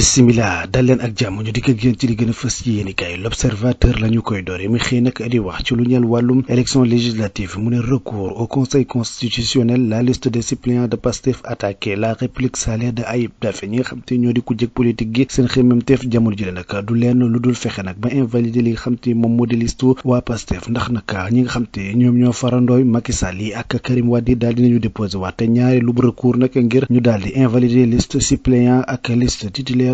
bisimila dal leen ak jàmm ñu dikk ak ci li gën fës ci l'observateur la koy doore mi xëy nag di wax ci lu ñeel wàllum élection législative mu ne recours au conseil constitutionnel la liste des suppléants de Pastef attaqué la réplique salée de Ayib Daffé ñi nga xam ñoo di ku jëg politique gi seen xemmemteef jamono ji nag du leen lu dul fexe nag ba invalider li nga xam te moom moo di liste waa Pastef ndax nag ñi nga xam te ñoom ñoo farandooy Macky Sall yi ak Karim Wade daal dinañu déposé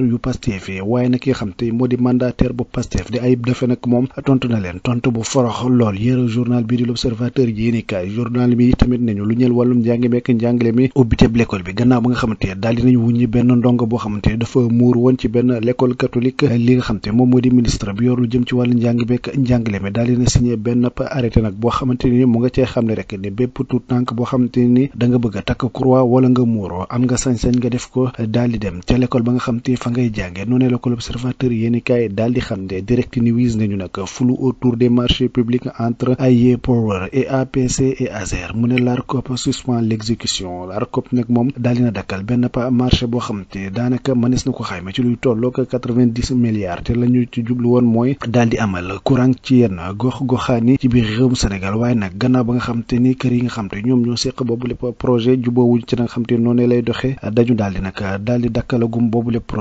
mandataire yu Pastef yi waaye nag ki xam te moo di mandataire bu Pastef di Ayib Daffé nag moom tontu na leen tontu bu forox lool yéen journal bi di l'Observateur yi yéen i kaay journal bi tamit nañu lu ñeel wàllum njàngi mekk njàngale mi ubbiteb l'école bi gannaaw ba nga xamante daal dinañ wuññi benn ndongo boo xamante dafa muur woon ci benn l'école catholique li nga xamante moom moo di ministre bi yor lu jëm ci wàllu njàng mekk njàngale mi daal dina signé benn arrêté nag boo xamante ni mu nga xam ne rek ni bépp tout tànk ni da nga bëgg a takk croix wala nga muuroo am nga sañ-sañ nga def ko daal di dem fa ngay jànge noonee la ko l'observateur yéeni kaay daal di xam ne direct news nañu nag flou autour des marchés publics entre AIE Power et APC mu ne l'ARCOP suspend l'exécution l'ARCOP nag moom daal dina dakkal benn pa marché boo xam te daanaka mënees na ko xayma ci luy tolloog quatre-vingt-dix milliards te la jublu woon mooy daal amal courant ci yenn gox goxaan ci biir réewum Sénégal waaye nag gannaaw ba nga xam te ni kër yi nga xam te ñoom ñoo seq boobu lépp projet juboowuñ ci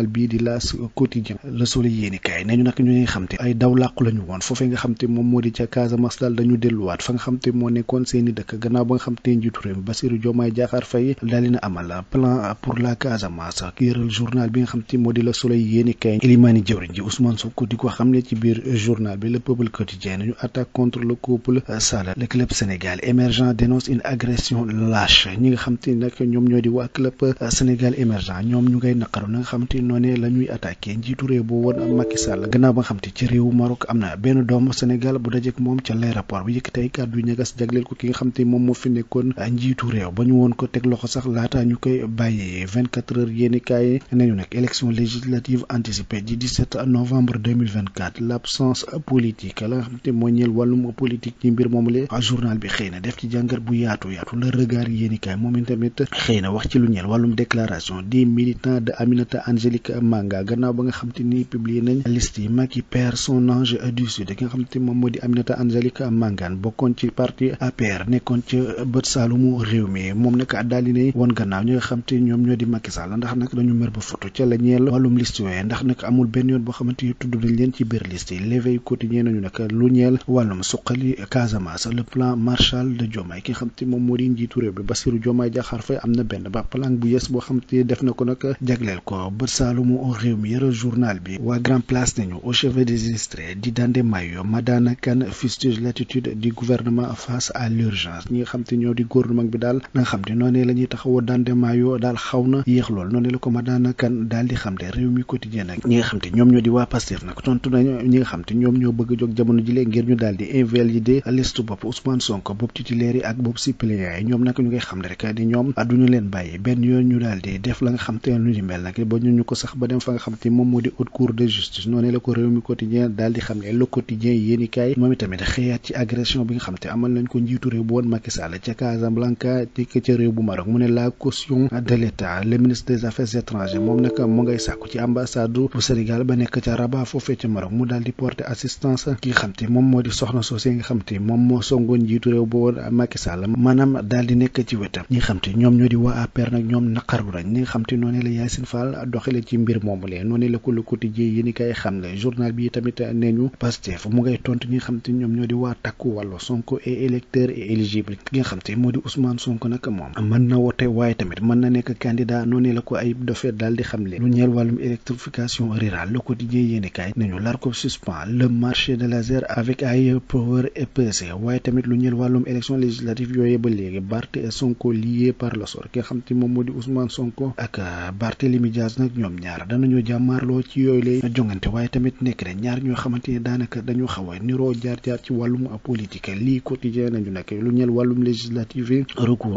journal bii di L'As quotidien Le Soleil yéenikaay nañu nag ñu ngi nga xam te moom moo di di Le club Sénégal émergent dénonce une agression lâche ñi nga xam te nag ñoom ñoo di waa club Sénégal émergent ñoom ñu ngay naqaru na nga xam te noonee la ñuy attaqué njiitu réew boo woon Macky Sall gannaaw ba nga ci réewu Maroc am na benn doomu Sénégal bu dajeek moom ca l'aéroport bu yëkkatee kàddu yu ñagas jagleel ko ki nga xam moom moo fi nekkoon njiitu réew ba woon ko teg loxo sax laata ñu koy bàyyee vingt nañu nag élection législative anticipée di novembre l'absence politique la nga xam moo ñeel wàllum politique ci mbir moomu le journal bi xëy na def ci jàngat bu yaatu yaatu le na wax ci lu ñeel wàllum déclaration des militants de Malick Manga gannaaw ba nga xam te ni publié nañ liste yi Macky perd son ange du sud ki nga xam moom moo di Aminata Angélique Mangane bokkoon ci parti APR nekkoon ci bët saalumu réew mi moom nag daal di ne woon gannaaw ñi nga xam te ñoom ñoo di Macky Sall ndax nag dañu mer ba foto ca la ñeel wàllum liste yooyu ndax nag amul benn yoon boo xamante ni tudd nañ leen ci biir liste yi l'éveil quotidien nañu nag lu ñeel wàllum suqali Casamance le plan Marshall moom moo di njiitu réew bi Bassirou Diomaye Diakhar am na benn ba plan bu boo xam te def na ko nag jagleel ko kitaalumu Orihimier journal bi waa Grand Place nañu au chevet des illustrés di Dande Mayo Madana Kane fustige l'attitude du face à l'urgence ñi nga xam ñoom ñoo di waa Pastef nag tontu nañu ñi nga xam ñoom ñoo bëgg jóg jamono ji ngir ñu daal di invalider bopp Ousmane Sonko bopp titulaire ak bopp suppléant yi ñoom nag ñu ngay xam ne rek di ñoom duñu leen bàyyi benn yoon ñu daal def la nga xam te lu ñu mel nag ba ñu ñu ko sax ba dem fa nga xam te moom moo di haute cour de justice noonu la ko réew mi quotidien daal di xam ne le quotidien yéeni kaay moom itamit xëyaat ci agression bi nga xam amal nañ ko njiitu réew bu woon mu ne la caution de l'État le ministre des affaires étrangères moom nag mu ngay sàkku ci ambassade bu Sénégal ba nekk ca Rabat foofee ca Maroc mu daal di porter assistance ki nga xam moom moo di soxna soosé nga xam te moom moo songoon njiitu réew bu woon Macky Sall maanaam daal di nekk ci wetam ñi nga ñoom ñoo di waa APR nag ñoom naqarlu nañ xam te ci mbir moom lee noonu la ko le quotidien yi ni kay xam le journal bi tamit nee ñu Pastef mu ngay tontu ñi xam te ñoom ñoo di waa takku wàllu Sonko et électeur et éligible ki nga xam te moo di Ousmane Sonko nag moom mën na wote waaye tamit mën na nekk candidat noonu la ko ay daal di xam le lu ñeel wàllum le quotidien yéen i kaay nañu l'arco suspend le de la ZER avec ay power EPC waaye tamit lu ñeel wàllum élection législative yooyu ba léegi Barth et Sonko liés par le nga xam te moom moo di Ousmane Sonko ak Barthélémy Diaz nag ñoom ñoom ñaar danañoo jàmmaarloo ci yooyu lay jongante waaye tamit nekk na ñaar ñoo xamante ne daanaka dañoo xaw a niroo jaar-jaar ci wàllum politique lii quotidien nañu nag lu ñeel wàllum législative yi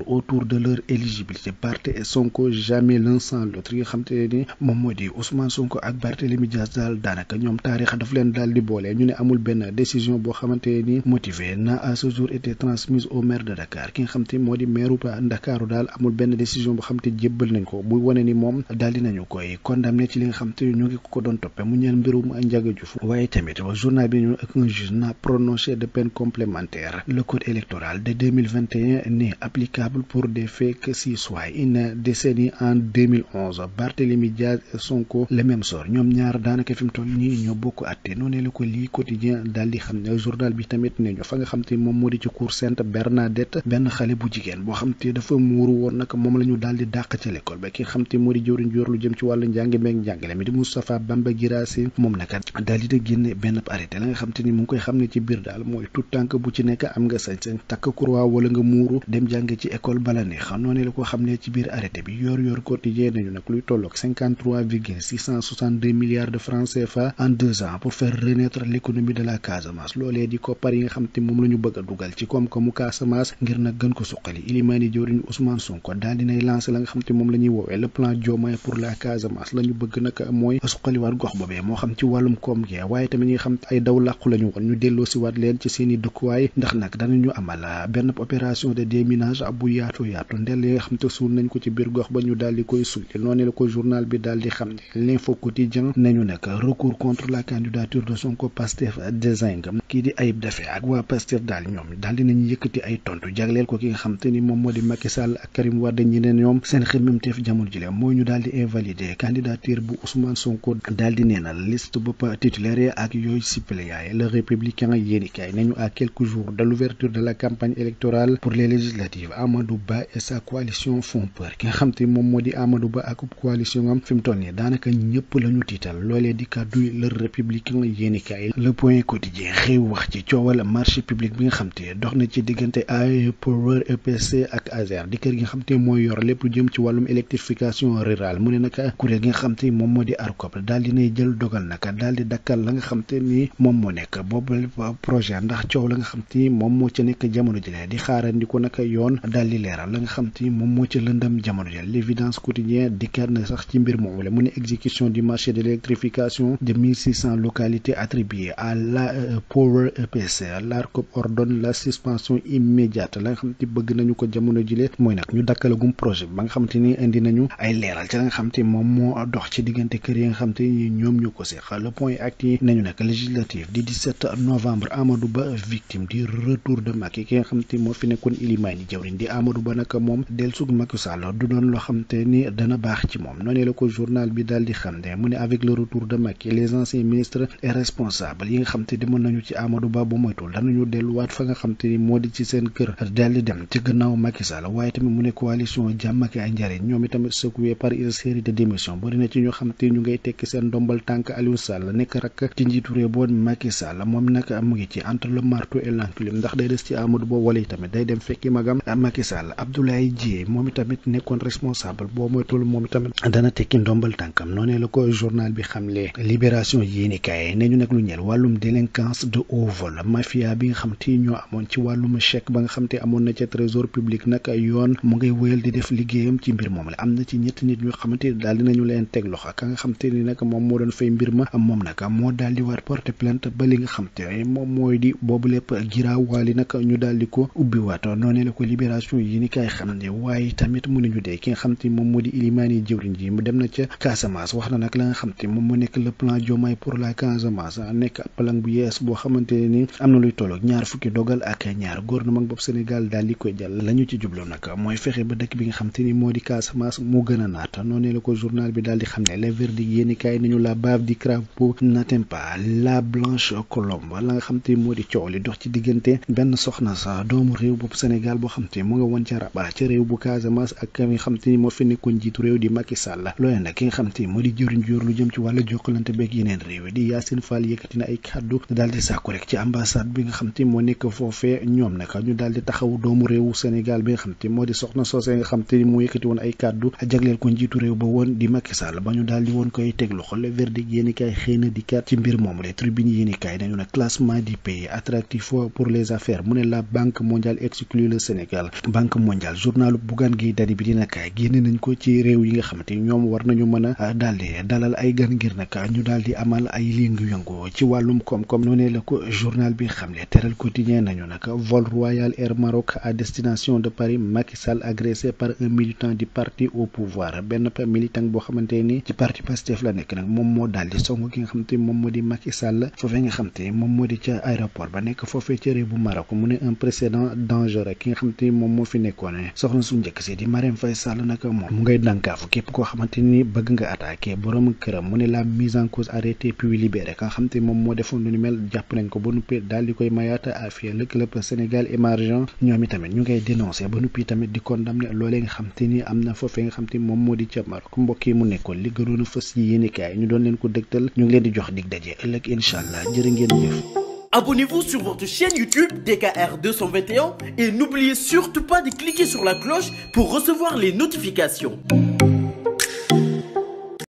autour de leur éligibilité Barthé son Sonko jamais l'un sans l'autre yi ne ni moom moo di Ousmane Sonko ak Barthélémy Dias daal daanaka ñoom taarix daf leen daal di boole ñu ne amul benn décision boo xamante ni motivée n'a à ce jour été transmise au maire de Dakar ki nga xam te moo di maire Ndakaaru daal amul benn décision boo xam te jébbal nañ ko buy wane ni moom daal di nañu koy condamné ci li nga xam te ñu ngi ko doon toppe mu ñeel mbirum Ndiaga Diouf waaye tamit journal bi ñu de peine complémentaire le code électoral de 2021 n'est applicable pour des faits que s'il soit une décennie en 2011 Barthélémy Diaz et Sonko le même sort ñoom ñaar daanaka fi mu toll nii ñoo bokk atte noonee ko lii quotidien daal di xam ne journal bi tamit ne ñu fa nga xam moom moo di ci cour Sainte Bernadette benn xale bu jigéen boo xam dafa muuru woon nag moom la ñu daal di dàq ci l'école ba ki nga moo njàng meeg njàngale mi di Moustapha Bamba Guirassy moom nag daal di da génne benn arrêté la nga xam ni mu ngi koy xam ne ci biir daal mooy tout tànk bu ci nekk am nga sañ-sañ takk croix wala nga muuru dem jàng ci école bala ne xam la ko xam ne ci biir arrêté bi yor yor quotidien nañu nag luy tolloog milliards de francs CFA en ans pour faire renaître l'économie de la Casamance loolee di koppar yi nga xam moom la ñu dugal ci koom ko France la ñu bëgg nag mooy suqaliwaat gox boobee moo xam ci wàllum koom gi waaye tamit ñi nga xam ay daw làqu la ñu woon ñu delloo si waat leen ci seen i ndax nag danañu amal benn opération de déminage bu yaatu yaatu ndel yi nga xam te nañ ko ci biir gox ba ñu daal di koy sulli noonu la ko journal bi daal di xam ne l'info quotidien nañu nag recours contre la candidature de Sonko Pastef desing kii di Ayib Daffé ak waa Pastef daal ñoom daal di nañu yëkkati ay tontu jagleel ko ki nga xam te ni moom moo di Macky Sall ak Karim Wade ñeneen ñoom seen candidature bu Ousmane Sonko daal di neenal liste bopp titulaire ak yooyu suppléant yi le républicain yéenikaay nañu à quelques jours de l'ouverture de la campagne électorale pour les législatives Amadou Ba et sa coalition font peur ki nga xam te moom moo di Amadou Ba ak coalition am fi mu toll nii daanaka ñëpp la ñu tiital loolee di kàddu le républicain yéenikaay le point quotidien xëy wax ci coowal marché public bi nga xam te dox na ci diggante AE Power EPC ak ASER di kër gi nga xam te mooy yor lépp jëm ci wàllum électrification rurale gi nga xam te ni moom moo di ARCOP daal di nay jël dogal nag daal di dakkal la nga xam te ni moom moo nekk boobu projet ndax coow la nga xam te ni moom moo ci nekk jamono ji di xaarandiku nag yoon daal di leeral la nga xam te ni moom moo ci lëndam jamono ji l'évidence quotidien dikkaat na sax ci mbir moomu la mu ne exécution du marché de l'électrification de mille six cent localités attribuées à la euh, Power EPC l'ARCOP ordonne la suspension immédiate la nga xam te bëgg nañu ko jamono jile mooy nag ñu dakkalagum projet ba nga xam te ni indi nañu ay leeral ci la nga moo dox ci diggante kër yi nga xam te ni ñoom ñu ko seq le point acte nañu nekk législative di 17 novembre Amadou Ba victime di retour de Macky ki nga xam te moo fi nekkoon ilimaan yi jawriñ di Amadou Ba nag moom del sug Macky Sall du doon loo xam ni dana baax ci moom noonu la ko journal bi daal di xam ne mu ne avec le retour de Macky les anciens ministres et responsables yi nga xam te demoon nañu ci Amadou Ba bu moytul danañu delluwaat fa nga xam ni moo di ci seen kër daal di dem ci gannaaw Macky Sall waaye tamit mu ne coalition jàmm ak ay njariñ ñoom bëri na ci ñoo xam te ñu ngay tekki seen ndombal tànk Aliou Sall nekk rak ci njiitu réew boon Macky Sall moom nag mu ngi itamit dana tekki ndombal tànkam noonee la ko journal bi xamle libération yéeni kaay nag lu ñeel wàllum délinquance de haut vol mafia bi nga xam te amoon na ca trésor public nag yoon mu ngay wéyal di def liggéeyam ci mbir moom la am na ci ñetti nit ñoo xamante daal dinañu leen teg loxo ka nga xam te ni nag moom moo doon fay mbir ma moom nag moo daal di war porter plainte ba li nga xam te ne moom mooy di boobu lépp giraawaali nag ñu daal di ko ubbiwaat noonee la ko libération yi ni kaay xam ne moom moo di Ilimani jëwriñ ji mu dem na ca Casamance wax na nag la nga xam te moom moo nekk le plan Diomaye pour la Casamance nekk plan bu yees boo xamante ne ni am na luy tolloog ñaar fukki dogal ak ñaar gouvernement boobu Sénégal daal di koy jàll la ñu ci jublu nag mooy fexe ba dëkk bi nga xam te ni moo di Casamance mu gën a naata noonee bi daal di xam ne le verdict yéeni kaay nañu la bave du crapaud n'atteint pas la blanche colombe la nga xam te moo di coow li dox ci diggante benn soxna sa doomu réew boobu Sénégal boo xam te mu nga woon ca Rabat ca bu Casamance ak ki nga ni moo fi nekkoon jiitu réew di Macky Sall loolee nag ki nga xam te moo di jëriñ jor lu jëm ci wàllu jokkalante beeg yeneen réew yi di Yacine Fall yëkkati na ay kàddu daal di sàkku rek ci ambassade bi nga xam te moo nekk foofee ñoom nag ñu daal di taxaw doomu réewu Sénégal bi nga xam te moo di soxna soosee nga xam te ni moo yëkkati woon ay kàddu jagleel ko njiitu réew ba woon di Macky Sall ba ñu daal di woon koy teg loxo le verdict yéenikaay xëy na di kat ci mbir moomu le tribune yéenikaay nañu ne classement du pays attractif pour les affaires mu ne la banque mondiale exclut le Sénégal banque mondiale journalu Bougane Gueye Dany bi dina génne nañ ko ci réew yi nga xamante ñoom war nañu mën a ah, dalal ay gan ngir nag ñu daal amal ay yëngu-yëngu ci wàllum koom-koom noonee la journal bi xamle Téral Quotidien nañu nag vol Royal xamante ni ci parti Pastef mu ngay dànkaafu képp koo xamante bëgg nga attaqué borom këram mu ne la mise en cause arrêtée puis libéré ka nga xam moom moo defoon lu ni mel jàpp nañ ko ba nuppi daal di koy mayaata afia le club Sénégal émergent ñoom itamit ñu ngay dénoncé ba nuppi tamit di condamné loolee nga xam te am na foofee nga xam moom moo di ca Maroc mbokk mu nekkoon li gënoon a fës yi yéenekaay ñu doon leen ko jox dig daje ëllëg incha allah jërë vous sur votre chaîne YouTube DKR et n'oubliez surtout pas de cliquer sur la cloche pour recevoir les notifications.